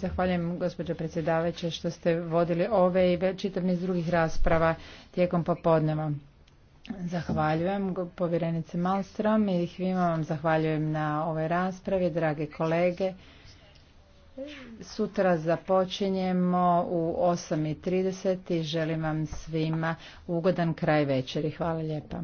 Zahvaljujem gospođo predsjedavajuća što ste vodili ove i čitav niz drugih rasprava tijekom popodneva. Zahvaljujem povjerenice Malstrom i svima vam zahvaljujem na ovoj raspravi, drage kolege. Sutra započinjemo u 8.30 i želim vam svima ugodan kraj večeri. Hvala lijepa.